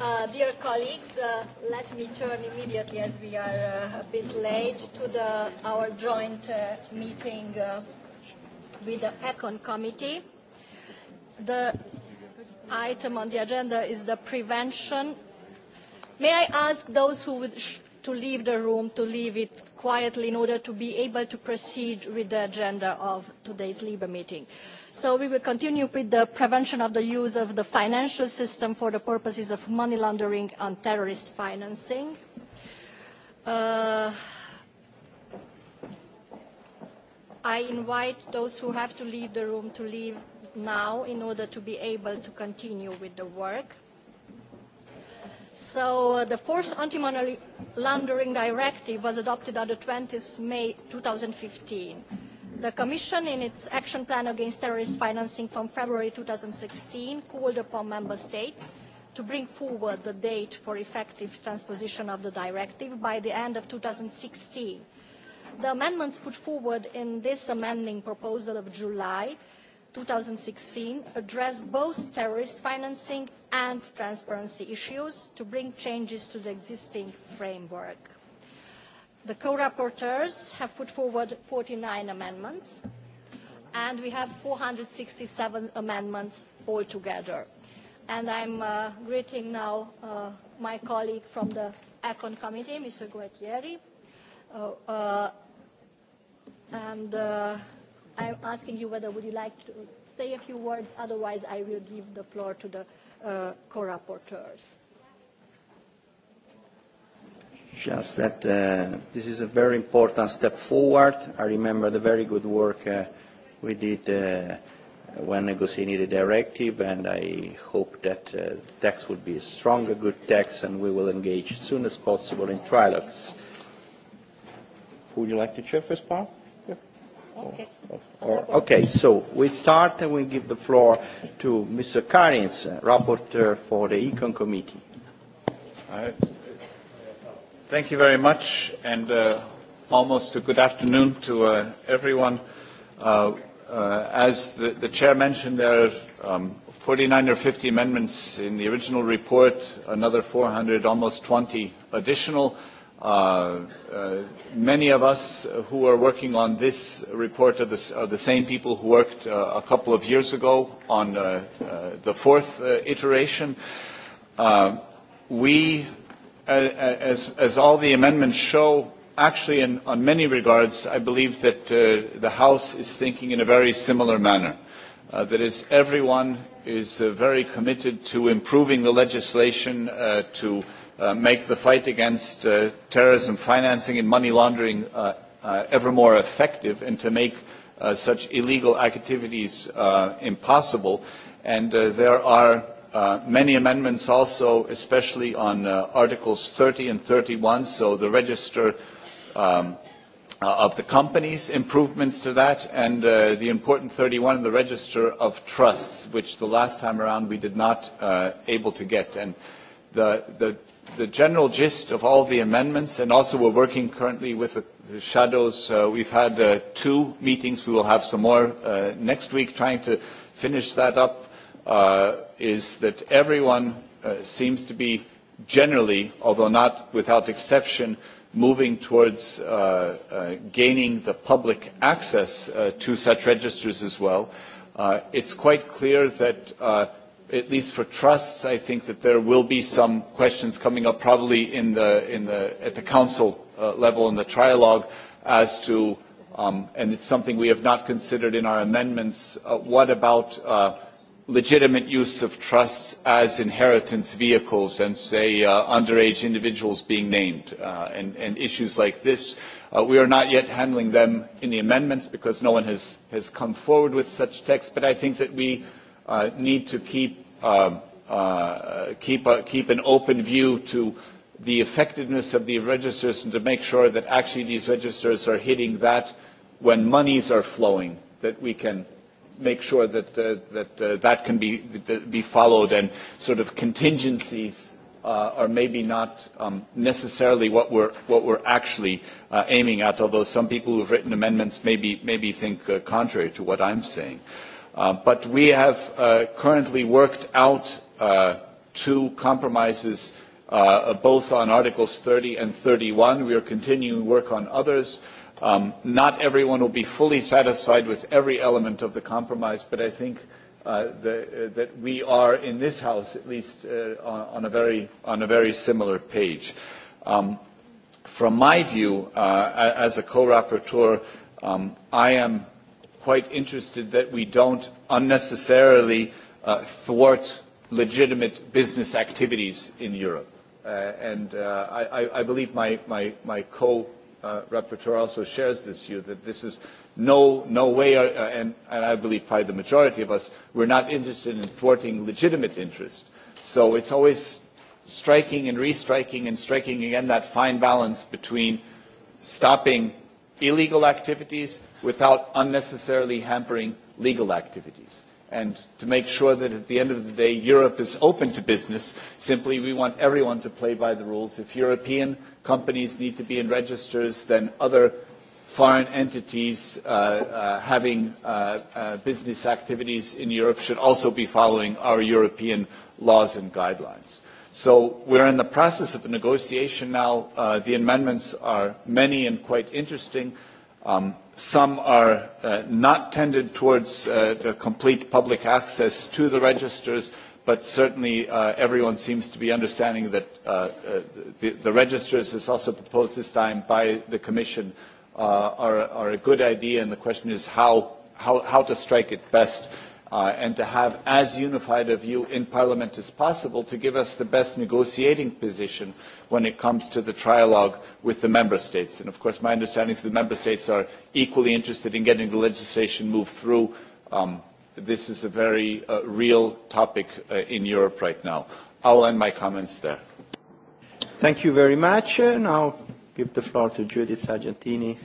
Uh, dear colleagues, uh, let me turn immediately, as we are uh, a bit late, to the, our joint uh, meeting uh, with the ECON Committee. The item on the agenda is the prevention. May I ask those who would to leave the room, to leave it quietly in order to be able to proceed with the agenda of today's LIBE meeting. So we will continue with the prevention of the use of the financial system for the purposes of money laundering and terrorist financing. Uh, I invite those who have to leave the room to leave now in order to be able to continue with the work. So uh, the fourth anti-money laundering directive was adopted on the 20th May 2015. The Commission, in its action plan against terrorist financing from February 2016, called upon member states to bring forward the date for effective transposition of the directive by the end of 2016. The amendments put forward in this amending proposal of July 2016 addressed both terrorist financing and transparency issues to bring changes to the existing framework. The co-rapporteurs have put forward 49 amendments and we have 467 amendments altogether. And I'm uh, greeting now uh, my colleague from the ECON Committee, Mr. Guettieri. Uh, uh, and uh, I'm asking you whether would you like to say a few words, otherwise I will give the floor to the uh, co-rapporteurs. Just that uh, this is a very important step forward. I remember the very good work uh, we did uh, when negotiating the directive, and I hope that uh, the text will be a stronger, good text, and we will engage as soon as possible in trilogues. Would you like to chair first part? Okay. Oh, okay, so we start and we give the floor to Mr. Karins, rapporteur for the Econ Committee. thank you very much, and uh, almost a good afternoon to uh, everyone. Uh, uh, as the, the chair mentioned, there are um, 49 or 50 amendments in the original report, another 400, almost 20 additional. Uh, uh, many of us who are working on this report are the, are the same people who worked uh, a couple of years ago on uh, uh, the fourth iteration. We, as, as all the amendments show, actually in on many regards, I believe that the House is thinking in a very similar manner. That is, everyone is very committed to improving the legislation to Uh, make the fight against uh, terrorism financing and money laundering uh, uh ever more effective and to make uh, such illegal activities impossible. And there are many amendments also, especially on Articles 30 and 31, so the register um, of the companies, improvements to that, and the important 31, the register of trusts, which the last time around we did not able to get. And the, the the general gist of all the amendments, and also we're working currently with the, the shadows. Uh, we've had uh, two meetings. We will have some more uh, next week trying to finish that up, uh, is that everyone uh, seems to be generally, although not without exception, moving towards uh, uh, gaining the public access uh, to such registers as well. Uh, it's quite clear that uh, at least for trusts, I think that there will be some questions coming up probably in the, in the, at the council uh, level in the trialogue as to, um, and it's something we have not considered in our amendments, uh, what about uh, legitimate use of trusts as inheritance vehicles and say underage individuals being named and, issues like this. we are not yet handling them in the amendments because no one has, has come forward with such text, but I think that we need to keep Um, uh, keep, keep an open view to the effectiveness of the registers and to make sure that actually these registers are hitting that when monies are flowing, that we can make sure that uh, that uh, that can be be followed and sort of contingencies uh, are maybe not um, necessarily what we're what we're actually uh, aiming at, although some people who have written amendments maybe maybe think uh, contrary to what I'm saying. Uh, but we have uh, currently worked out uh, two compromises both on Articles 30 and 31. We are continuing work on others. Um, not everyone will be fully satisfied with every element of the compromise, but I think that we are in this House at least on, a very, on a very similar page. Um, from my view, as a co-rapporteur, um, I am quite interested that we don't unnecessarily uh, thwart legitimate business activities in Europe. Uh, and uh, I, I believe my, my, my co-rapporteur uh, also shares this view that this is no, no way, uh, and, and I believe probably the majority of us, we're not interested in thwarting legitimate interest. So it's always striking and restriking and striking again that fine balance between stopping illegal activities without unnecessarily hampering legal activities and to make sure that at the end of the day Europe is open to business. Simply, we want everyone to play by the rules. If European companies need to be in registers, then other foreign entities uh, uh, having uh, uh business activities in Europe should also be following our European laws and guidelines. So we're in the process of a negotiation now. Uh, the amendments are many and quite interesting. Um, some are uh, not tended towards uh, complete public access to the registers, but certainly uh, everyone seems to be understanding that the, registers, as also proposed this time by the Commission, are, a good idea, and the question is how, how to strike it best Uh, and to have as unified a view in Parliament as possible to give us the best negotiating position when it comes to the trilogue with the Member States. And of course my understanding is the Member States are equally interested in getting the legislation moved through. Um, this is a very uh, real topic uh, in Europe right now. I'll end my comments there. Thank you very much. Now give the floor to Judith Sargentini,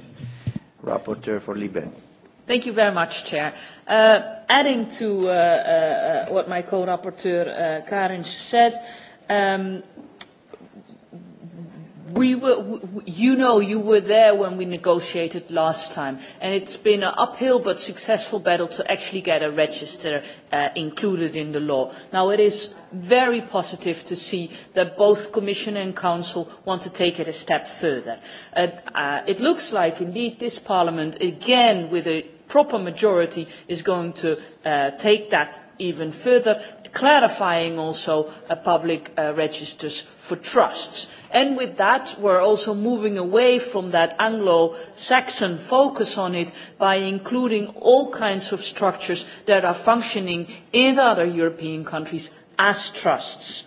rapporteur for Libya. Thank you very much, Chair. Uh, adding to uh, uh, what my co-rapporteur uh, Karin said, um, we were, you know, you were there when we negotiated last time, and it's been an uphill but successful battle to actually get a register uh, included in the law. Now, it is very positive to see that both Commission and Council want to take it a step further. Uh, uh, it looks like, indeed, this Parliament, again, with a proper majority is going to uh, take that even further, clarifying also uh, public uh, registers for trusts. And with that, we are also moving away from that Anglo-Saxon focus on it by including all kinds of structures that are functioning in other European countries as trusts.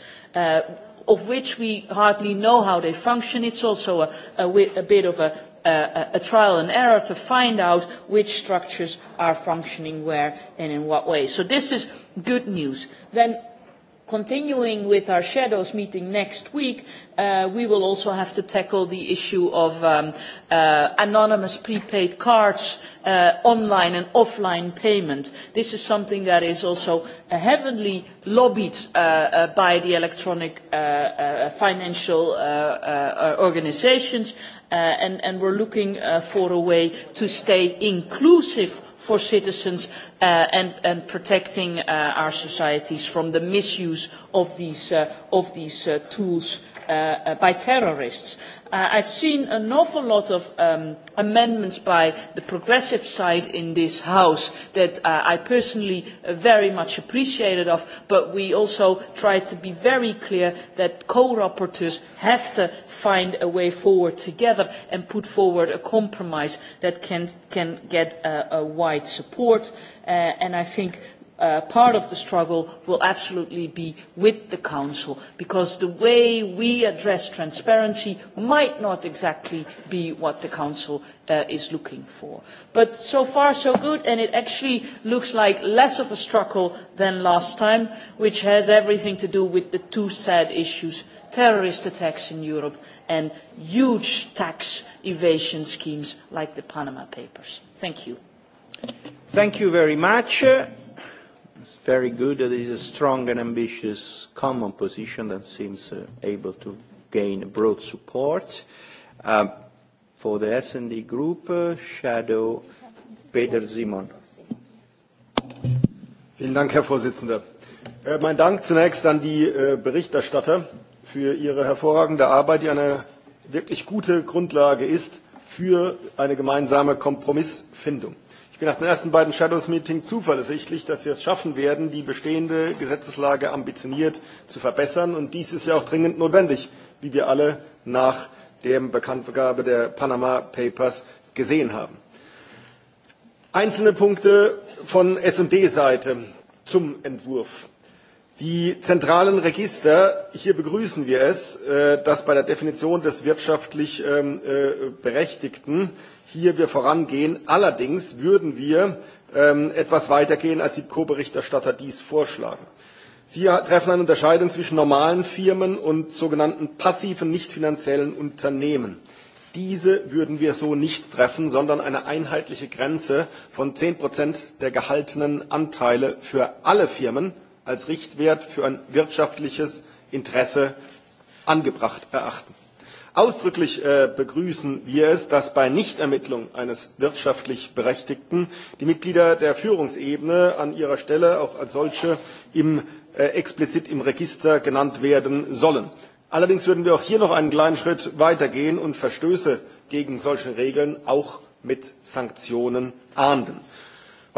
of which we hardly know how they function. It's also a bit of a a trial and error to find out which structures are functioning where and in what way. So this is good news. Then continuing with our shadows meeting next week, uh, we will also have to tackle the issue of um, uh, anonymous prepaid cards, uh, online and offline payment. This is something that is also heavily lobbied uh, uh, by the electronic uh, financial organisations Uh, and, we are looking uh, for a way to stay inclusive for citizens uh, and, protecting our societies from the misuse of these tools by terrorists. Uh, I have seen an awful lot of um, amendments by the progressive side in this House that uh, I personally uh, very much appreciated of, but we also tried to be very clear that co-rapporteurs have to find a way forward together and put forward a compromise that can, can get a wide support. and I think Uh, part of the struggle will absolutely be with the Council, because the way we address transparency might not exactly be what the Council uh, is looking for. But so far so good, and it actually looks like less of a struggle than last time, which has everything to do with the two sad issues terrorist attacks in Europe and huge tax evasion schemes like the Panama Papers. Thank you. Thank you very much. It's very good that it is a strong and ambitious common position that seems uh, able to gain broad support. Uh, for the S&D Group, uh, Shadow Peter Simon. Vielen Dank, Herr Vorsitzender. Äh, mein Dank zunächst an die äh, Berichterstatter für ihre hervorragende Arbeit, die eine wirklich gute Grundlage ist für eine gemeinsame Kompromissfindung. Ich bin nach den ersten beiden Shadows Meeting zuversichtlich, dass wir es schaffen werden, die bestehende Gesetzeslage ambitioniert zu verbessern. Und dies ist ja auch dringend notwendig, wie wir alle nach der Bekanntgabe der Panama Papers gesehen haben. Einzelne Punkte von S&D Seite zum Entwurf. Die zentralen Register, hier begrüßen wir es, äh, dass bei der Definition des wirtschaftlich ähm, äh, Berechtigten hier wir vorangehen. Allerdings würden wir ähm, etwas weitergehen, als die Co-Berichterstatter dies vorschlagen. Sie treffen eine Unterscheidung zwischen normalen Firmen und sogenannten passiven, nicht finanziellen Unternehmen. Diese würden wir so nicht treffen, sondern eine einheitliche Grenze von 10 der gehaltenen Anteile für alle Firmen als Richtwert für ein wirtschaftliches Interesse angebracht erachten. Ausdrücklich äh, begrüßen wir es, dass bei Nichtermittlung eines wirtschaftlich Berechtigten die Mitglieder der Führungsebene an ihrer Stelle auch als solche im, äh, explizit im Register genannt werden sollen. Allerdings würden wir auch hier noch einen kleinen Schritt weitergehen und Verstöße gegen solche Regeln auch mit Sanktionen ahnden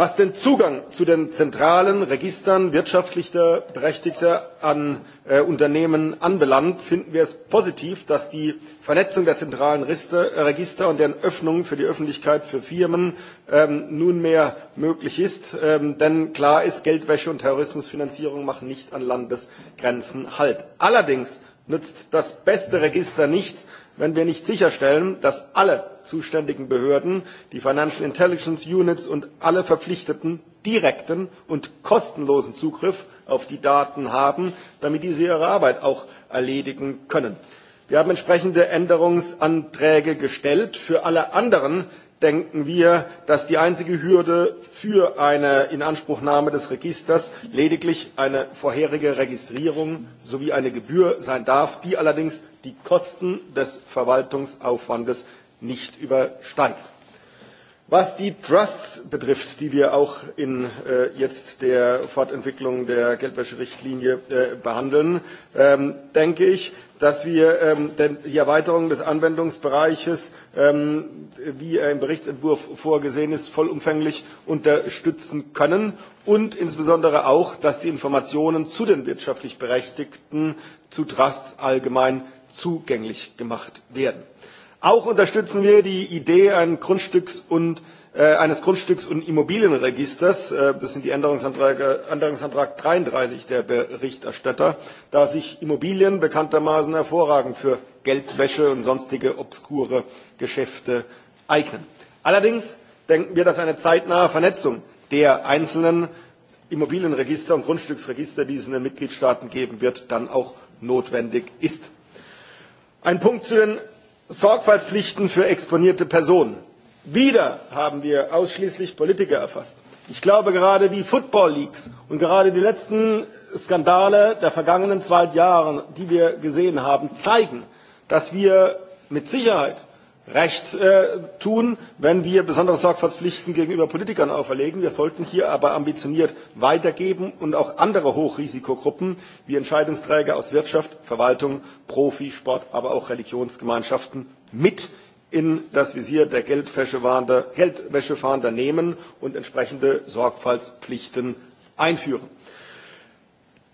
was den zugang zu den zentralen registern wirtschaftlich berechtigter an äh, unternehmen anbelangt finden wir es positiv dass die vernetzung der zentralen äh, register und deren öffnung für die öffentlichkeit für firmen ähm, nunmehr möglich ist ähm, denn klar ist geldwäsche und terrorismusfinanzierung machen nicht an landesgrenzen halt. allerdings nützt das beste register nichts wenn wir nicht sicherstellen dass alle zuständigen behörden die financial intelligence units und alle verpflichteten direkten und kostenlosen zugriff auf die daten haben damit diese ihre arbeit auch erledigen können. wir haben entsprechende änderungsanträge gestellt für alle anderen denken wir, dass die einzige Hürde für eine Inanspruchnahme des Registers lediglich eine vorherige Registrierung sowie eine Gebühr sein darf, die allerdings die Kosten des Verwaltungsaufwandes nicht übersteigt. Was die Trusts betrifft, die wir auch in äh, jetzt der Fortentwicklung der Geldwäscherichtlinie äh, behandeln, ähm, denke ich, dass wir ähm, denn die Erweiterung des Anwendungsbereiches, ähm, wie er im Berichtsentwurf vorgesehen ist, vollumfänglich unterstützen können und insbesondere auch, dass die Informationen zu den wirtschaftlich Berechtigten zu Trusts allgemein zugänglich gemacht werden. Auch unterstützen wir die Idee ein Grundstücks und, äh, eines Grundstücks- und Immobilienregisters. Äh, das sind die Änderungsanträge, Änderungsantrag 33 der Berichterstatter, da sich Immobilien bekanntermaßen hervorragend für Geldwäsche und sonstige obskure Geschäfte eignen. Allerdings denken wir, dass eine zeitnahe Vernetzung der einzelnen Immobilienregister und Grundstücksregister, die es in den Mitgliedstaaten geben wird, dann auch notwendig ist. Ein Punkt zu den Sorgfaltspflichten für exponierte Personen. Wieder haben wir ausschließlich Politiker erfasst. Ich glaube, gerade die Football Leagues und gerade die letzten Skandale der vergangenen zwei Jahre, die wir gesehen haben, zeigen, dass wir mit Sicherheit recht äh, tun, wenn wir besondere Sorgfaltspflichten gegenüber Politikern auferlegen. Wir sollten hier aber ambitioniert weitergeben und auch andere Hochrisikogruppen wie Entscheidungsträger aus Wirtschaft, Verwaltung, Profisport, aber auch Religionsgemeinschaften mit in das Visier der Geldwäschefahnder nehmen und entsprechende Sorgfaltspflichten einführen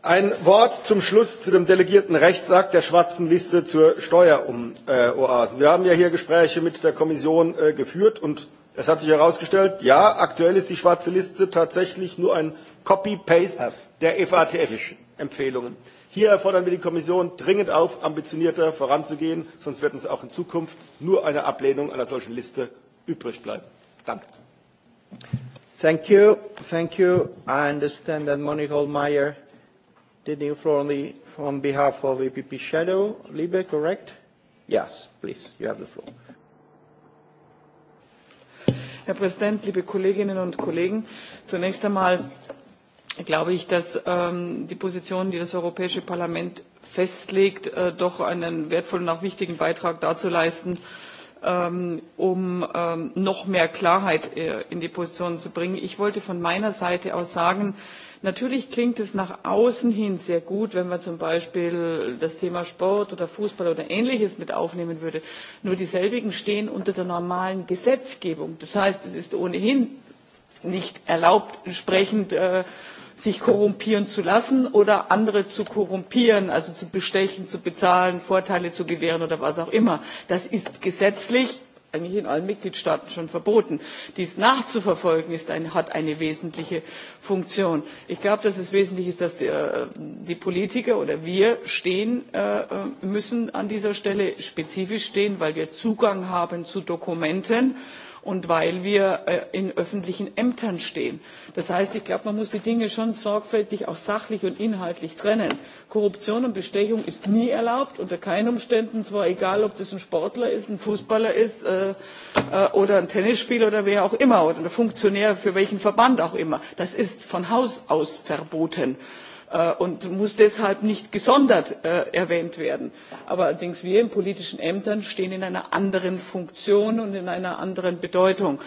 ein wort zum schluss zu dem delegierten rechtsakt der schwarzen liste zur steueroasen wir haben ja hier gespräche mit der kommission äh, geführt und es hat sich herausgestellt ja aktuell ist die schwarze liste tatsächlich nur ein copy paste der fatf empfehlungen. hier fordern wir die kommission dringend auf ambitionierter voranzugehen sonst wird uns auch in zukunft nur eine ablehnung einer solchen liste übrig bleiben. danke! Thank you. Thank you. I understand that did floor on, the, on behalf of EPP Shadow, Libe, correct? Yes, please, you have the floor. Herr Präsident, liebe Kolleginnen und Kollegen! Zunächst einmal glaube ich, dass ähm, die Position, die das Europäische Parlament festlegt, äh, doch einen wertvollen und auch wichtigen Beitrag dazu leisten, ähm, um ähm, noch mehr Klarheit äh, in die Position zu bringen. Ich wollte von meiner Seite aus sagen, natürlich klingt es nach außen hin sehr gut wenn man zum beispiel das thema sport oder fußball oder ähnliches mit aufnehmen würde nur dieselbigen stehen unter der normalen gesetzgebung das heißt es ist ohnehin nicht erlaubt entsprechend äh, sich korrumpieren zu lassen oder andere zu korrumpieren also zu bestechen zu bezahlen vorteile zu gewähren oder was auch immer. das ist gesetzlich eigentlich in allen mitgliedstaaten schon verboten. dies nachzuverfolgen hat eine wesentliche funktion. ich glaube dass es wesentlich ist dass die, äh, die politiker oder wir stehen äh, äh, müssen an dieser stelle spezifisch stehen weil wir zugang haben zu dokumenten und weil wir äh, in öffentlichen ämtern stehen. das heißt ich glaube man muss die dinge schon sorgfältig auch sachlich und inhaltlich trennen. korruption und bestechung ist nie erlaubt unter keinen umständen zwar egal ob das ein sportler ist ein fußballer ist äh, äh, oder ein tennisspieler oder wer auch immer oder ein funktionär für welchen verband auch immer das ist von haus aus verboten. Äh, und muss deshalb nicht gesondert äh, erwähnt werden. aber allerdings wir in politischen ämtern stehen in einer anderen funktion und in einer anderen bedeutung.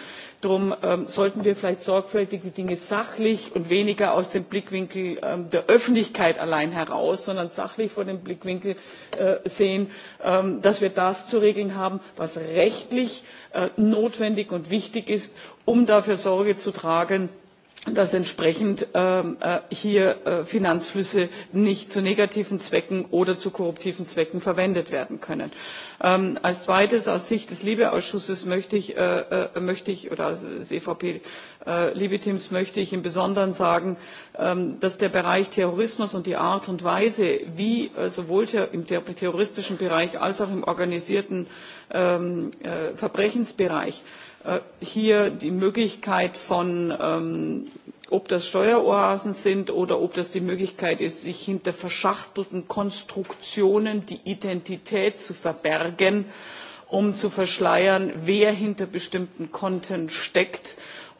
darum ähm, sollten wir vielleicht sorgfältig die dinge sachlich und weniger aus dem blickwinkel ähm, der öffentlichkeit allein heraus sondern sachlich vor dem blickwinkel äh, sehen ähm, dass wir das zu regeln haben was rechtlich notwendig und wichtig ist um dafür sorge zu tragen dass entsprechend ähm, äh, hier äh, finanzflüsse nicht zu negativen zwecken oder zu korruptiven zwecken verwendet werden können. Ähm, als zweites aus sicht des libe ausschusses äh, möchte ich, oder des evp libe teams möchte ich im besonderen sagen ähm, dass der bereich terrorismus und die art und weise wie sowohl im terroristischen bereich als auch im organisierten verbrechensbereich Äh, hier die möglichkeit von ähm, ob das steueroasen sind oder ob das die möglichkeit ist sich hinter verschachtelten konstruktionen die identität zu verbergen um zu verschleiern wer hinter bestimmten konten steckt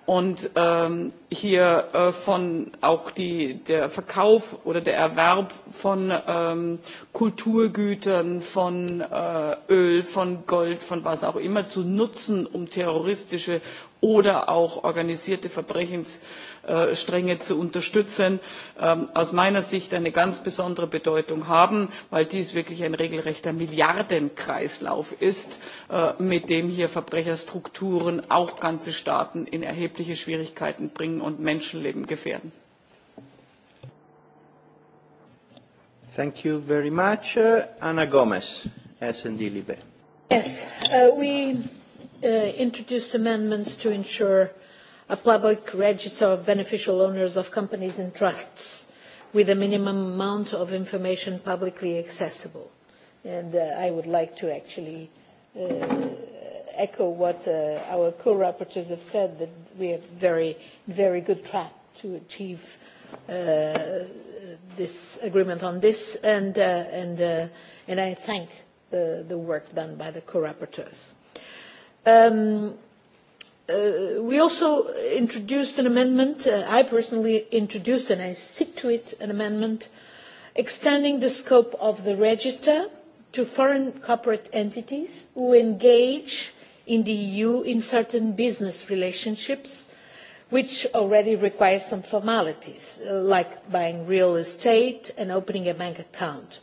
und ähm, hier äh, von auch die, der Verkauf oder der Erwerb von ähm, Kulturgütern, von äh, Öl, von Gold, von was auch immer zu nutzen, um terroristische oder auch organisierte verbrechensstränge zu unterstützen ähm, aus meiner sicht eine ganz besondere bedeutung haben weil dies wirklich ein regelrechter milliardenkreislauf ist äh, mit dem hier verbrecherstrukturen auch ganze staaten in erhebliche schwierigkeiten bringen und menschenleben gefährden. Thank you very much. Uh, Ana Libe. Yes, uh, we introduce uh, introduced amendments to ensure a public register of beneficial owners of companies and trusts with a minimum amount of information publicly accessible. And uh, I would like to actually uh, echo what our co-rapporteurs have said, that we are very, very good track to achieve this agreement on this, and, and, I thank the work done by the co-rapporteurs. Um, uh, we also introduced an amendment, uh, I personally introduced and I stick to it, an amendment extending the scope of the register to foreign corporate entities who engage in the EU in certain business relationships which already require some formalities, uh, like buying real estate and opening a bank account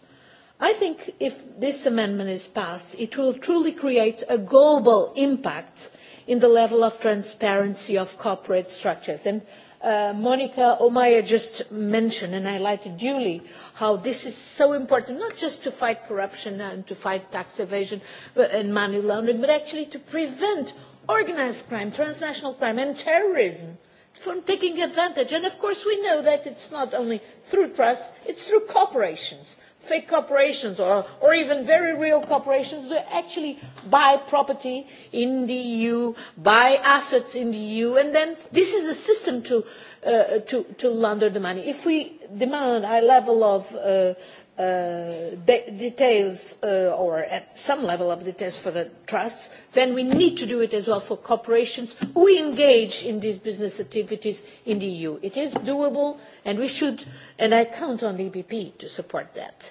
i think if this amendment is passed it will truly create a global impact in the level of transparency of corporate structures and uh, monica Omaya just mentioned and I highlighted duly how this is so important not just to fight corruption and to fight tax evasion and money laundering but actually to prevent organised crime transnational crime and terrorism from taking advantage and of course we know that it's not only through trust it's through corporations fake corporations or, or even very real corporations that actually buy property in the EU, buy assets in the EU, and then this is a system to, uh, to, to launder the money. If we demand a level of uh, Uh, details uh, or at some level of details for the trusts then we need to do it as well for corporations who engage in these business activities in the eu. it is doable and we should and i count on the epp to support that.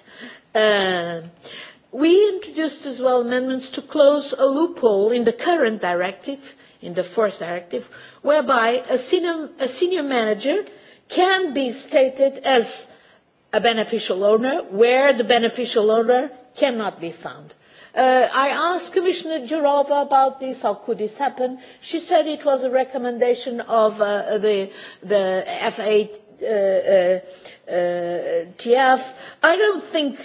Uh, we introduced as well amendments to close a loophole in the current directive in the fourth directive whereby a senior manager can be stated as a beneficial owner where the beneficial owner cannot be found. Uh, I asked Commissioner Jourova about this, how could this happen? She said it was a recommendation of uh, the, the FATF. uh, uh TF. I don't think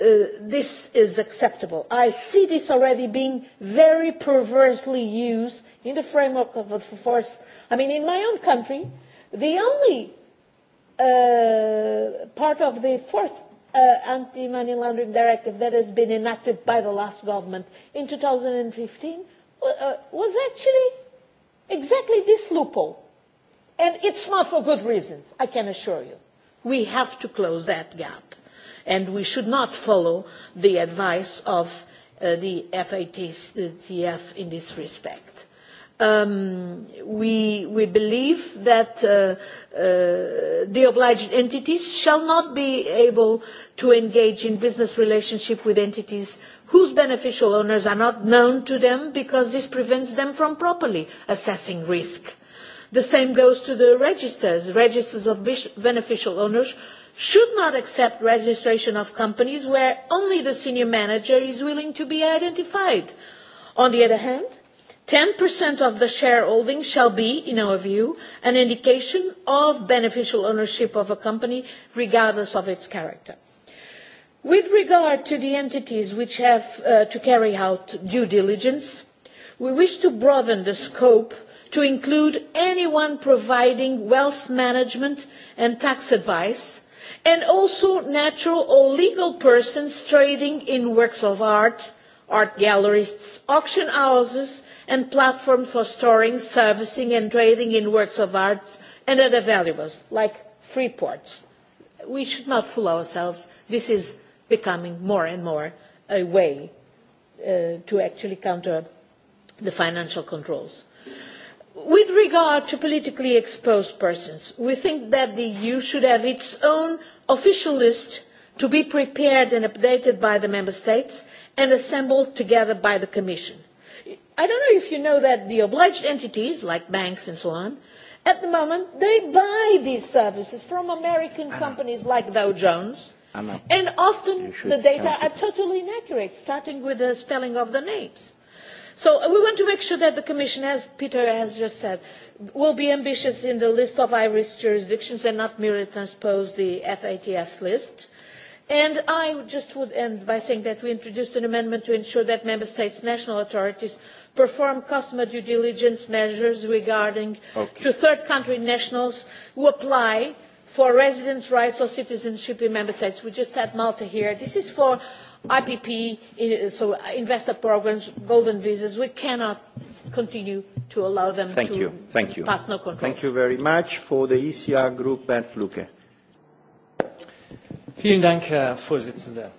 uh, this is acceptable. I see this already being very perversely used in the framework of the force. I mean, in my own country, the only Uh, part of the first uh, anti-money laundering directive that has been enacted by the last government in 2015 uh, uh, was actually exactly this loophole. And it's not for good reasons, I can assure you. We have to close that gap. And we should not follow the advice of uh, the FATF in this respect. Um, we, believe that uh, uh, the obliged entities shall not be able to engage in business relationship with entities whose beneficial owners are not known to them because this prevents them from properly assessing risk. The same goes to the registers. Registers of beneficial owners should not accept registration of companies where only the senior manager is willing to be identified. On the other hand, 10% of the shareholding shall be, in our view, an indication of beneficial ownership of a company, regardless of its character. With regard to the entities which have uh, to carry out due diligence, we wish to broaden the scope to include anyone providing wealth management and tax advice, and also natural or legal persons trading in works of art art galleries, auction houses and platforms for storing, servicing and trading in works of art and other valuables, like free ports. We should not fool ourselves. This is becoming more and more a way uh, to actually counter the financial controls. With regard to politically exposed persons, we think that the EU should have its own official list to be prepared and updated by the member states and assembled together by the commission. i don't know if you know that the obliged entities like banks and so on at the moment they buy these services from american companies like dow jones and often the data are totally inaccurate starting with the spelling of the names. so uh, we want to make sure that the commission as peter has just said will be ambitious in the list of irish jurisdictions and not merely transpose the fatf list And I just would end by saying that we introduced an amendment to ensure that Member States' national authorities perform customer due diligence measures regarding to third country nationals who apply for residence rights or citizenship in member states. We just had Malta here. This is for IPP, so investor programs, golden visas. We cannot continue to allow them Thank to you. Thank you. no controls. Thank you very much for the ECR group, and Fluke. Vielen Dank, Herr Vorsitzender.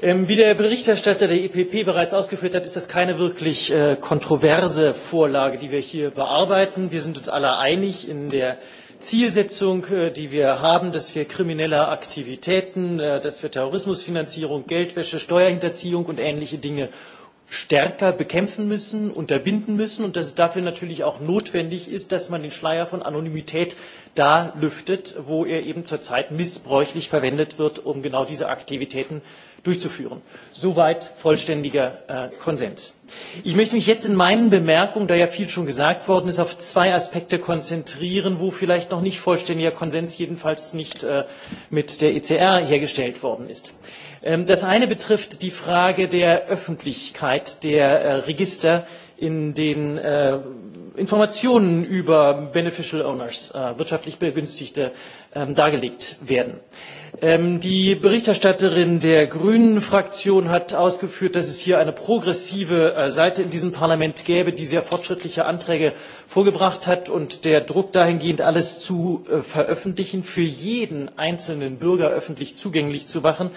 Ähm, wie der Berichterstatter der EPP bereits ausgeführt hat, ist das keine wirklich äh, kontroverse Vorlage, die wir hier bearbeiten. Wir sind uns alle einig in der Zielsetzung, äh, die wir haben, dass wir kriminelle Aktivitäten, äh, dass wir Terrorismusfinanzierung, Geldwäsche, Steuerhinterziehung und ähnliche Dinge stärker bekämpfen müssen, unterbinden müssen und dass es dafür natürlich auch notwendig ist, dass man den Schleier von Anonymität da lüftet, wo er eben zurzeit missbräuchlich verwendet wird, um genau diese Aktivitäten durchzuführen. Soweit vollständiger äh, Konsens. Ich möchte mich jetzt in meinen Bemerkungen, da ja viel schon gesagt worden ist, auf zwei Aspekte konzentrieren, wo vielleicht noch nicht vollständiger Konsens, jedenfalls nicht äh, mit der ECR hergestellt worden ist. Ähm, das eine betrifft die Frage der Öffentlichkeit der äh, Register, in denen äh, Informationen über Beneficial Owners, äh, wirtschaftlich Begünstigte, ähm, dargelegt werden. Ähm, die Berichterstatterin der Grünen Fraktion hat ausgeführt, dass es hier eine progressive Seite in diesem Parlament gäbe, die sehr fortschrittliche Anträge vorgebracht hat und der Druck dahingehend, alles zu veröffentlichen, für jeden einzelnen Bürger öffentlich zugänglich zu machen,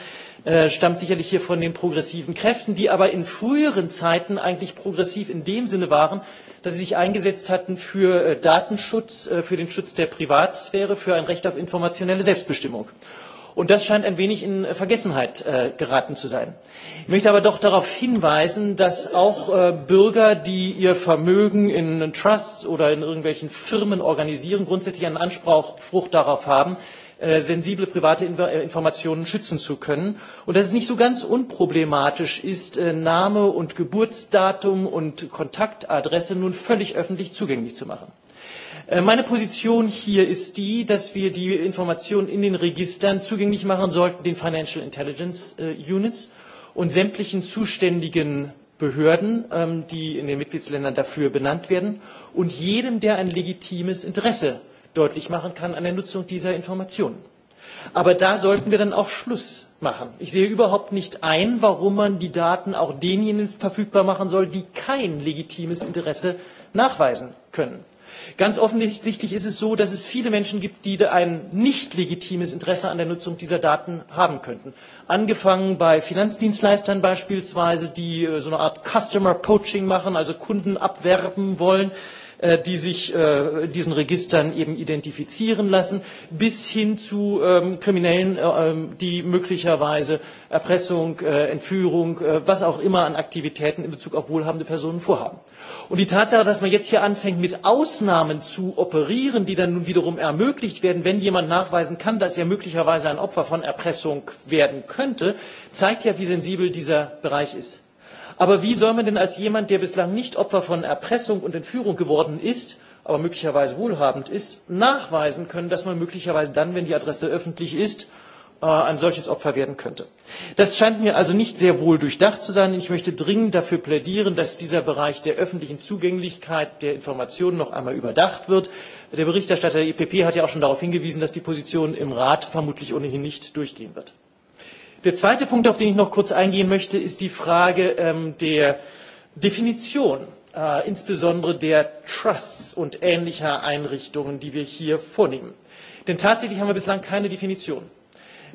Äh, stammt sicherlich hier von den progressiven Kräften, die aber in früheren Zeiten eigentlich progressiv in dem Sinne waren, dass sie sich eingesetzt hatten für äh, Datenschutz, äh, für den Schutz der Privatsphäre, für ein Recht auf informationelle Selbstbestimmung. Und das scheint ein wenig in Vergessenheit geraten zu sein. Ich möchte aber doch darauf hinweisen, dass auch Bürger, die ihr Vermögen in Trusts oder in irgendwelchen Firmen organisieren, grundsätzlich einen Anspruch darauf haben, Äh, sensible private äh, Informationen schützen zu können und dass es nicht so ganz unproblematisch ist, äh, Name und Geburtsdatum und Kontaktadresse nun völlig öffentlich zugänglich zu machen. Meine Position hier ist die, dass wir die Informationen in den Registern zugänglich machen sollten, den Financial Intelligence Units und sämtlichen zuständigen Behörden, ähm, die in den Mitgliedsländern dafür benannt werden, und jedem, der ein legitimes Interesse deutlich machen kann an der Nutzung dieser Informationen. Aber da sollten wir dann auch Schluss machen. Ich sehe überhaupt nicht ein, warum man die Daten auch denjenigen verfügbar machen soll, die kein legitimes Interesse nachweisen können. Ganz offensichtlich ist es so, dass es viele Menschen gibt, die ein nicht legitimes Interesse an der Nutzung dieser Daten haben könnten. Angefangen bei Finanzdienstleistern beispielsweise, die äh, so eine Art Customer Poaching machen, also Kunden abwerben wollen Äh, die sich äh, diesen Registern eben identifizieren lassen, bis hin zu ähm, Kriminellen, äh, ähm, die möglicherweise Erpressung, Entführung, was auch immer an Aktivitäten in Bezug auf wohlhabende Personen vorhaben. Und die Tatsache, dass man jetzt hier anfängt, mit Ausnahmen zu operieren, die dann nun wiederum ermöglicht werden, wenn jemand nachweisen kann, dass er möglicherweise ein Opfer von Erpressung werden könnte, zeigt ja, wie sensibel dieser Bereich ist aber wie soll man denn als jemand der bislang nicht opfer von erpressung und entführung geworden ist aber möglicherweise wohlhabend ist nachweisen können dass man möglicherweise dann wenn die adresse öffentlich ist äh, ein solches opfer werden könnte. das scheint mir also nicht sehr wohl durchdacht zu sein. ich möchte dringend dafür plädieren dass dieser bereich der öffentlichen zugänglichkeit der informationen noch einmal überdacht wird. der berichterstatter der epp hat ja auch schon darauf hingewiesen dass die position im rat vermutlich ohnehin nicht durchgehen wird. Der zweite Punkt, auf den ich noch kurz eingehen möchte, ist die Frage ähm, der Definition, äh, insbesondere der Trusts und ähnlicher Einrichtungen, die wir hier vornehmen. Denn tatsächlich haben wir bislang keine Definition.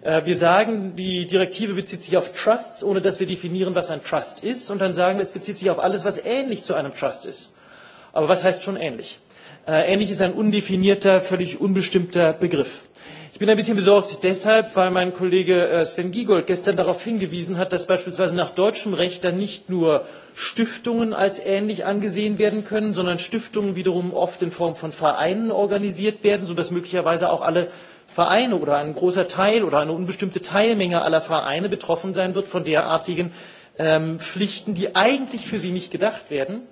Äh, wir sagen, die Direktive bezieht sich auf Trusts, ohne dass wir definieren, was ein Trust ist, und dann sagen wir, es bezieht sich auf alles, was ähnlich zu einem Trust ist. Aber was heißt schon ähnlich? Äh, ähnlich ist ein undefinierter, völlig unbestimmter Begriff bin ein bisschen besorgt deshalb, weil mein Kollege äh, Sven Giegold gestern darauf hingewiesen hat, dass beispielsweise nach deutschem Recht dann nicht nur Stiftungen als ähnlich angesehen werden können, sondern Stiftungen wiederum oft in Form von Vereinen organisiert werden, sodass möglicherweise auch alle Vereine oder ein großer Teil oder eine unbestimmte Teilmenge aller Vereine betroffen sein wird von derartigen ähm, Pflichten, die eigentlich für sie nicht gedacht werden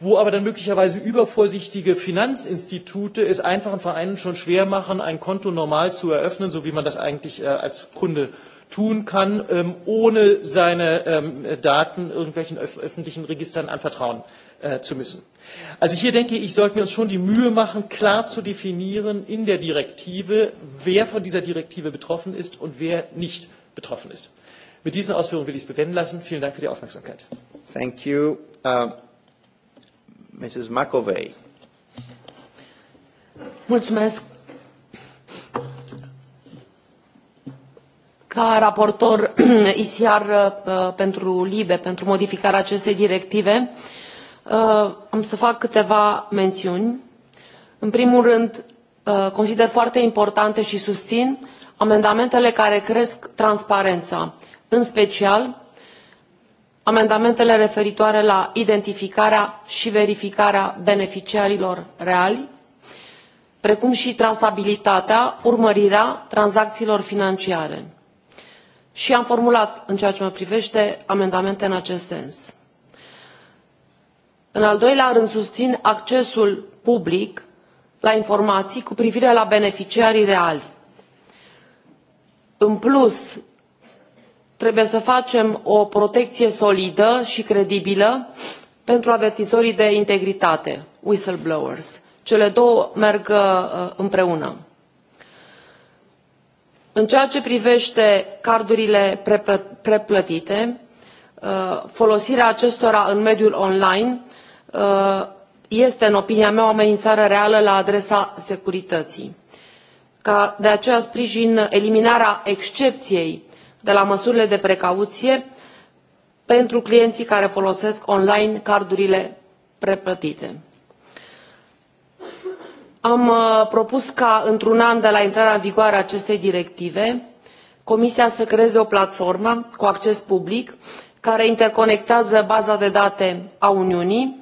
wo aber dann möglicherweise übervorsichtige Finanzinstitute es einfachen Vereinen schon schwer machen, ein Konto normal zu eröffnen, so wie man das eigentlich äh, als Kunde tun kann, ähm, ohne seine ähm, Daten irgendwelchen öffentlichen Registern anvertrauen äh, zu müssen. Also hier denke ich, sollten wir uns schon die Mühe machen, klar zu definieren in der Direktive, wer von dieser Direktive betroffen ist und wer nicht betroffen ist. Mit diesen Ausführungen will ich es bewenden lassen. Vielen Dank für die Aufmerksamkeit. Thank you. Uh Mrs. McAvey. Mulțumesc. Ca raportor ISIAR uh, pentru LIBE, pentru modificarea acestei directive, uh, am să fac câteva mențiuni. În primul rând, uh, consider foarte importante și susțin amendamentele care cresc transparența, în special amendamentele referitoare la identificarea și verificarea beneficiarilor reali precum și trasabilitatea urmărirea tranzacțiilor financiare și am formulat în ceea ce mă privește amendamente în acest sens. în al doilea rând susțin accesul public la informații cu privire la beneficiarii reali. în plus trebuie să facem o protecție solidă și credibilă pentru avertizorii de integritate whistleblowers cele două merg uh, împreună. în ceea ce privește cardurile preplătite uh, folosirea acestora în mediul online uh, este în opinia mea o amenințare reală la adresa securității. de aceea sprijin eliminarea excepției de la măsurile de precauție pentru clienții care folosesc online cardurile preplătite. Am uh, propus ca într-un an de la intrarea în vigoare a acestei directive, Comisia să creeze o platformă cu acces public care interconectează baza de date a Uniunii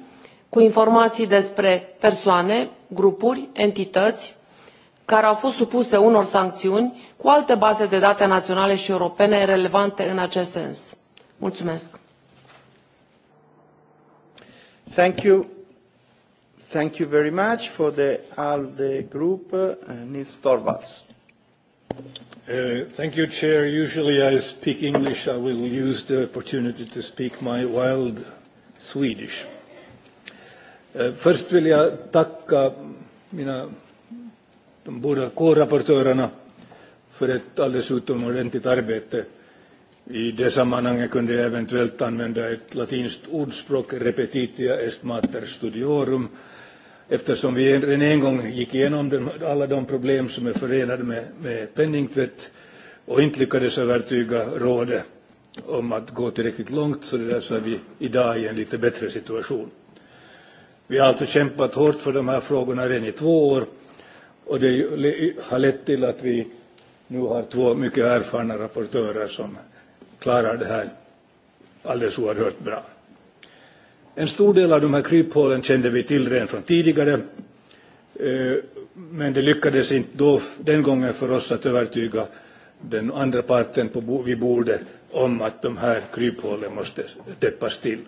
cu informații despre persoane, grupuri, entități, care au fost supuse unor sancțiuni cu alte baze de date naționale și europene relevante în acest sens. Mulțumesc! Thank you. Thank you very much for the ALDE group, uh, Nils Torvalds. Uh, thank you, Chair. Usually I speak English. I will use the opportunity to speak my wild Swedish. Uh, först vill jag tacka uh, mina de båda k-rapportörerna för ett alldeles utomordentligt arbete. I det sammanhanget kunde jag eventuellt använda ett latinskt ordspråk, repetitia est mater studiorum, eftersom vi en en gång gick igenom de, alla de problem som är förenade med, med penningtvätt och inte lyckades övertyga rådet om att gå tillräckligt långt, så det där så är vi idag i en lite bättre situation. Vi har alltså kämpat hårt för de här frågorna redan i två år Och det har lett till att vi nu har två mycket erfarna rapportörer som klarar det här alldeles oerhört bra. En stor del av de här kryphålen kände vi till redan från tidigare, eh, men det lyckades inte då, den gången för oss att övertyga den andra parten på, vid bordet om att de här kryphålen måste täppas till.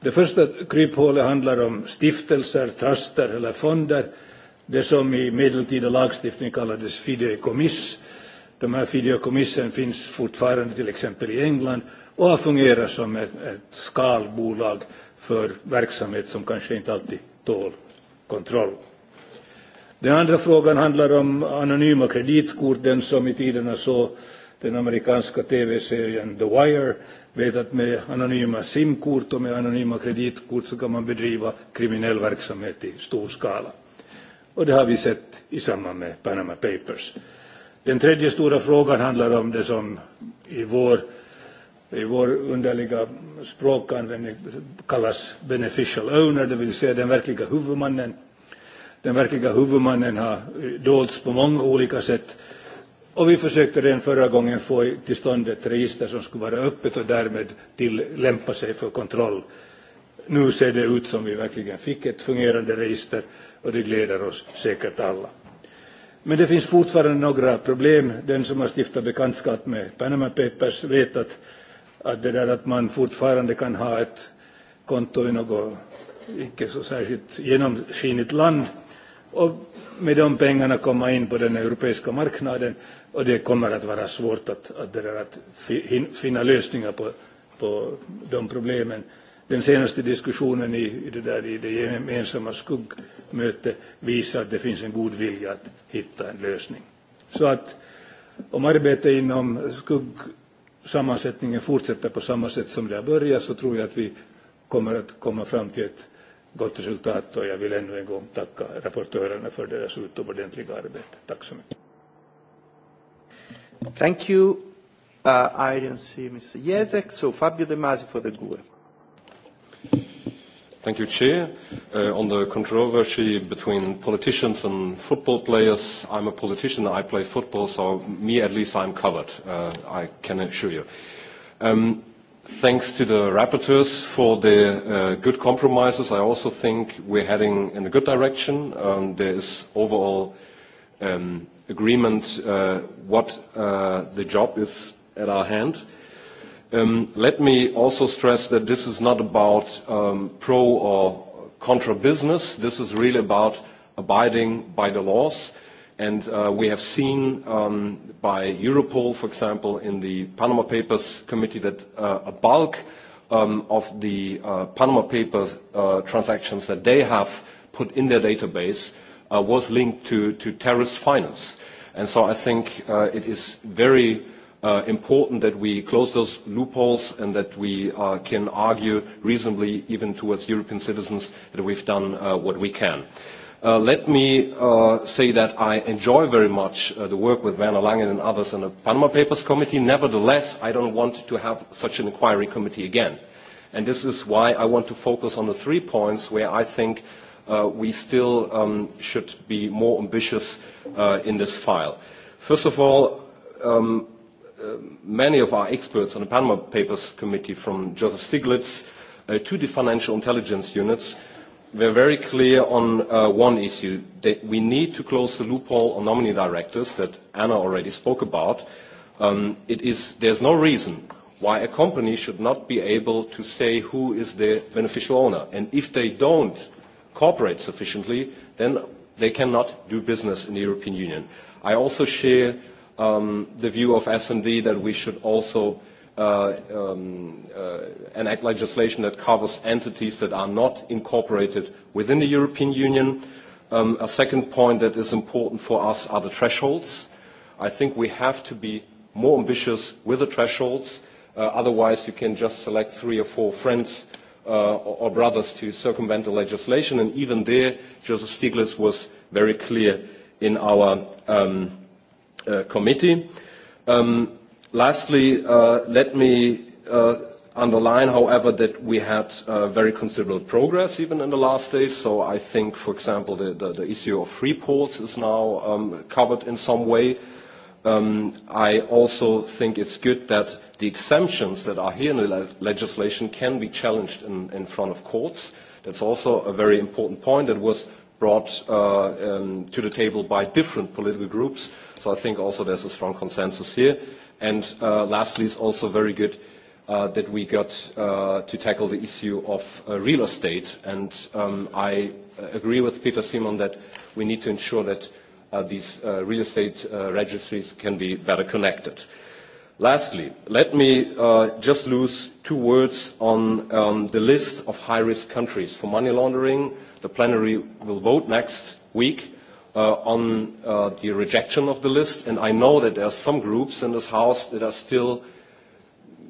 Det första kryphålet handlar om stiftelser, traster eller fonder Det som i medeltida lagstiftning kallades fideikommiss. De här fideikommissen finns fortfarande till exempel i England och har fungerat som ett, skalbolag för verksamhet som kanske inte alltid tål kontroll. Den andra frågan handlar om anonyma kreditkort. Den som i tiderna så den amerikanska tv-serien The Wire vet att med anonyma simkort och med anonyma kreditkort så kan man bedriva kriminell verksamhet i stor skala. Och det har vi sett i samband med Panama Papers. Den tredje stora frågan handlar om det som i vår, i vår underliga språkanvändning kallas beneficial owner, det vill säga den verkliga huvudmannen. Den verkliga huvudmannen har dolts på många olika sätt. Och vi försökte den förra gången få till stånd ett register som skulle vara öppet och därmed tillämpa sig för kontroll nu ser det ut som vi verkligen fick ett fungerande register och det gläder oss säkert alla. Men det finns fortfarande några problem. Den som har stiftat bekantskap med Panama Papers vet att, det där att man fortfarande kan ha ett konto i något icke så särskilt genomskinligt land och med de pengarna komma in på den europeiska marknaden och det kommer att vara svårt att, att finna lösningar på, på de problemen den senaste diskussionen i, det, där, i det gemensamma skuggmötet visar att det finns en god vilja att hitta en lösning. Så att om arbetet inom skuggsammansättningen fortsätter på samma sätt som det har börjat så tror jag att vi kommer att komma fram till ett gott resultat och jag vill ännu en gång tacka rapportörerna för deras utomordentliga arbete. Tack så mycket. Thank you. Uh, I don't see Mr. Jezek, so Fabio De Masi for the GUE. Thank you, Chair. Uh, on the controversy between politicians and football players, I'm a politician, I play football, so me at least I'm covered, uh, I can assure you. Um, thanks to the rapporteurs for the uh, good compromises. I also think we're heading in a good direction. Um, there is overall um, agreement uh, what uh, the job is at our hand. Um, let me also stress that this is not about um, pro or contra business. This is really about abiding by the laws. And uh, we have seen um, by Europol, for example, in the Panama Papers Committee that uh, a bulk of the uh, Panama Papers transactions that they have put in their database was linked to, to terrorist finance. And so I think it is very Uh, important that we close those loopholes and that we uh, can argue reasonably even towards European citizens that we've done uh, what we can. let me say that I enjoy very much the work with Werner Langen and others on the Panama Papers Committee. Nevertheless, I don't want to have such an inquiry committee again. And this is why I want to focus on the three points where I think we still um, should be more ambitious in this file. First of all, um, Uh, many of our experts on the Panama Papers Committee, from Joseph Stiglitz uh, to the financial intelligence units, were very clear on uh, one issue. That we need to close the loophole on nominee directors that Anna already spoke about. There um, it is, there's no reason why a company should not be able to say who is the beneficial owner. And if they don't cooperate sufficiently, then they cannot do business in the European Union. I also share Um, the view of S&D that we should also uh, um, uh, enact legislation that covers entities that are not incorporated within the European Union. Um, a second point that is important for us are the thresholds. I think we have to be more ambitious with the thresholds. Uh, otherwise, you can just select three or four friends or brothers to circumvent the legislation. And even there, Joseph Stiglitz was very clear in our Uh, committee. Um, lastly, uh, let me uh, underline, however, that we had uh, very considerable progress even in the last days. So I think, for example, the, the, the issue of free ports is now um, covered in some way. Um, I also think it's good that the exemptions that are here in the legislation can be challenged in, in front of courts. That's also a very important point that was brought uh, um, to the table by different political groups. So I think also there's a strong consensus here. And uh, lastly, it's also very good uh, that we got uh, to tackle the issue of real estate. And um, I agree with Peter Simon that we need to ensure that these real estate registries can be better connected. Lastly, let me uh, just lose two words on um, the list of high-risk countries for money laundering. The plenary will vote next week uh, on uh, the rejection of the list, and I know that there are some groups in this House that are still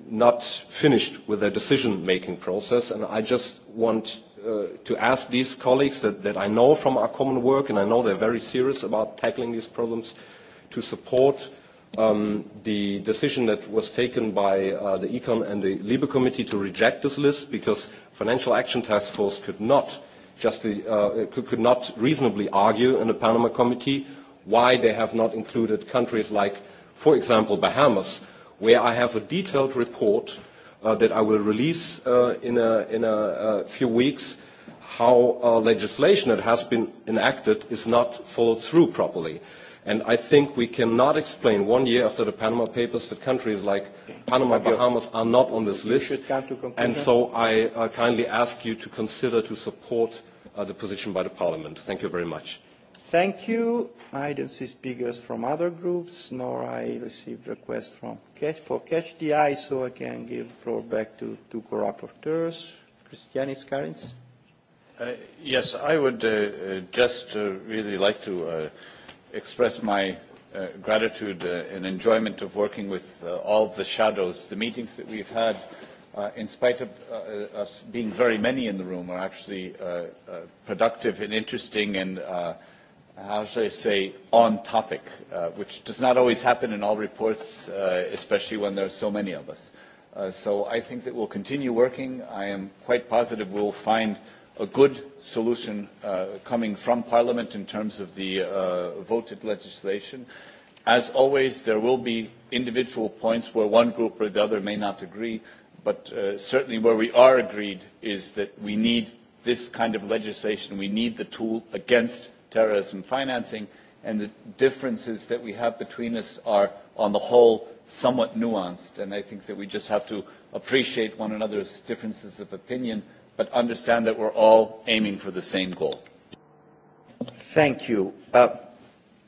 not finished with their decision-making process, and I just want to ask these colleagues that, that I know from our common work, and I know they're very serious about tackling these problems, to support Um, the decision that was taken by uh, the econ and the libe committee to reject this list because financial action task force could not just uh, could, not reasonably argue in the panama committee why they have not included countries like for example bahamas where i have a detailed report uh, that i will release in a in a few weeks how legislation that has been enacted is not followed through properly And I think we cannot explain one year after the Panama Papers that countries like Panama, Bahamas are not on this list. And so I kindly ask you to consider to support uh, the position by the Parliament. Thank you very much. Thank you. I don't see speakers from other groups, nor I received requests from Catch, for Catch the Eye, so I can give floor back to two co-rapporteurs. Christianis Karins. Uh, yes, I would uh, just really like to express my uh, gratitude uh, and enjoyment of working with uh, all of the shadows. The meetings that we've had, uh, in spite of us being very many in the room, are actually productive and interesting and, how should I say, on topic, which does not always happen in all reports, especially when there are so many of us. So I think that we'll continue working. I am quite positive we'll find a good solution uh, coming from Parliament in terms of the uh, voted legislation. As always, there will be individual points where one group or the other may not agree, but uh, certainly where we are agreed is that we need this kind of legislation. We need the tool against terrorism financing, and the differences that we have between us are, on the whole, somewhat nuanced, and I think that we just have to appreciate one another's differences of opinion but understand that we're all aiming for the same goal. Thank you. Uh,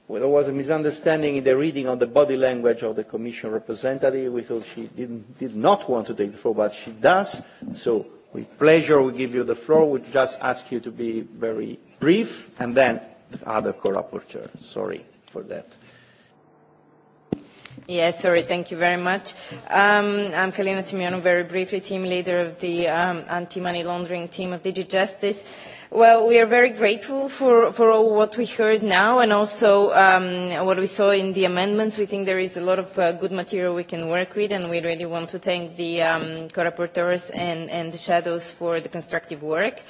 there was a misunderstanding in the reading on the body language of the Commission representative. We thought she didn't, did not want to take the floor, but she does. So with pleasure, we give you the floor. We just ask you to be very brief, and then the other co-rapporteur. Sorry for that yes, sorry. Thank you very much. Um, I'm Kalina Simeonu, very briefly, team leader of the um, anti-money laundering team of Digit Justice. Well, we are very grateful for, for all what we heard now and also um, what we saw in the amendments. We think there is a lot of uh, good material we can work with, and we really want to thank the um, co-rapporteurs and, and the shadows for the constructive work.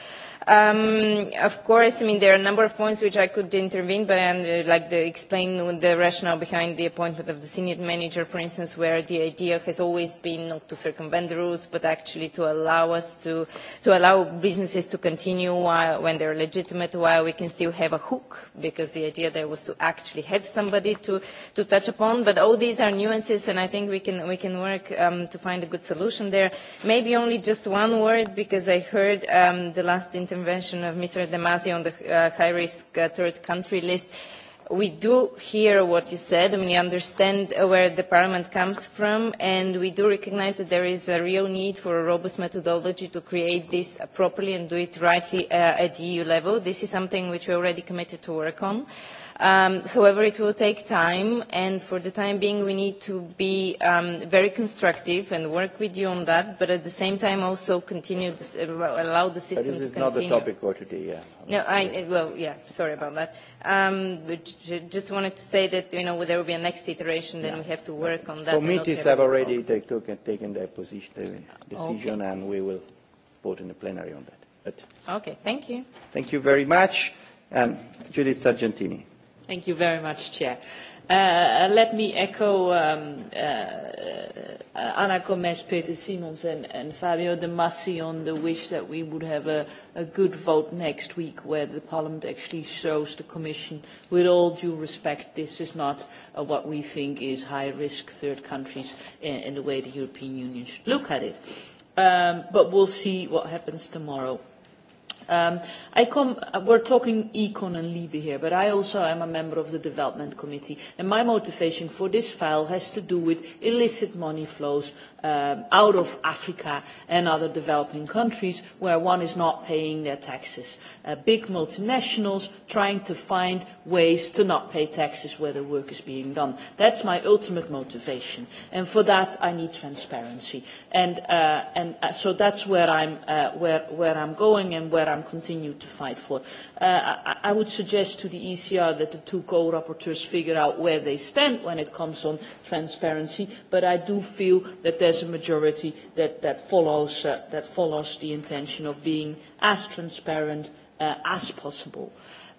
Um, of course, I mean, there are a number of points which I could intervene, but I'd um, like to explain the rationale behind the appointment of the senior manager, for instance, where the idea has always been not to circumvent the rules, but actually to allow us to, to allow businesses to continue while, when they're legitimate, while we can still have a hook, because the idea there was to actually have somebody to, to touch upon. But all these are nuances, and I think we can, we can work um, to find a good solution there. Maybe only just one word, because I heard um, the last interview intervention of Mr. Damasio on the uh, high-risk uh, third country list. We do hear what you said. I we understand where the Parliament comes from, and we do recognize that there is a real need for a robust methodology to create this properly and do it rightly uh, at EU level. This is something which we are already committed to work on. Um, however, it will take time, and for the time being, we need to be um, very constructive and work with you on that, but at the same time also continue to uh, allow the system to continue. this is not the topic for today, yeah. No, I, uh, well, yeah, sorry about that. Um, but just wanted to say that, you know, there will be a next iteration, then we have to work on that. Committees have already taken took taken their position, their decision, okay. and we will vote in the plenary on that. But okay, thank you. Thank you very much. Um, Judith Sargentini. Thank you very much, Chair. Uh, let me echo um, uh, uh Ana Gomez, Peter Simons and, and Fabio De Massi on the wish that we would have a, a good vote next week where the Parliament actually shows the Commission, with all due respect, this is not uh, what we think is high-risk third countries in, in the way the European Union should look at it. Um, but we'll see what happens tomorrow. We um, are come, uh, we're talking Econ and Libe here, but I also am a member of the Development Committee, and my motivation for this file has to do with illicit money flows um, out of Africa and other developing countries where one is not paying their taxes. Uh, big multinationals trying to find ways to not pay taxes where the work is being done. That's my ultimate motivation, and for that I need transparency. And, is uh, so that's where I'm, where, where I'm going and where continue to fight for. Uh, I, I would suggest to the ECR that the two co-rapporteurs figure out where they stand when it comes on transparency, but I do feel that there's a majority that, that, follows, uh, that follows the intention of being as transparent uh, as possible.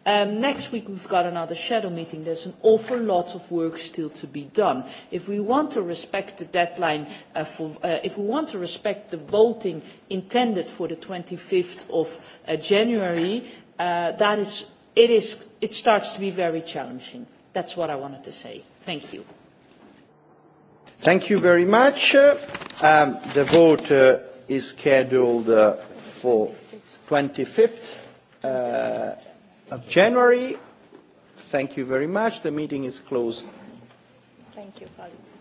Um, next week we've got another shadow meeting. There's an awful lot of work still to be done. If we want to respect the deadline, for, if we want to respect the voting intended for the 25th of Uh, January, uh, that is, it, is, it starts to be very challenging. That's what I wanted to say. Thank you. Thank you very much. Uh, um, the vote is scheduled for 25th of January. Thank you very much. The meeting is closed. Thank you, colleagues.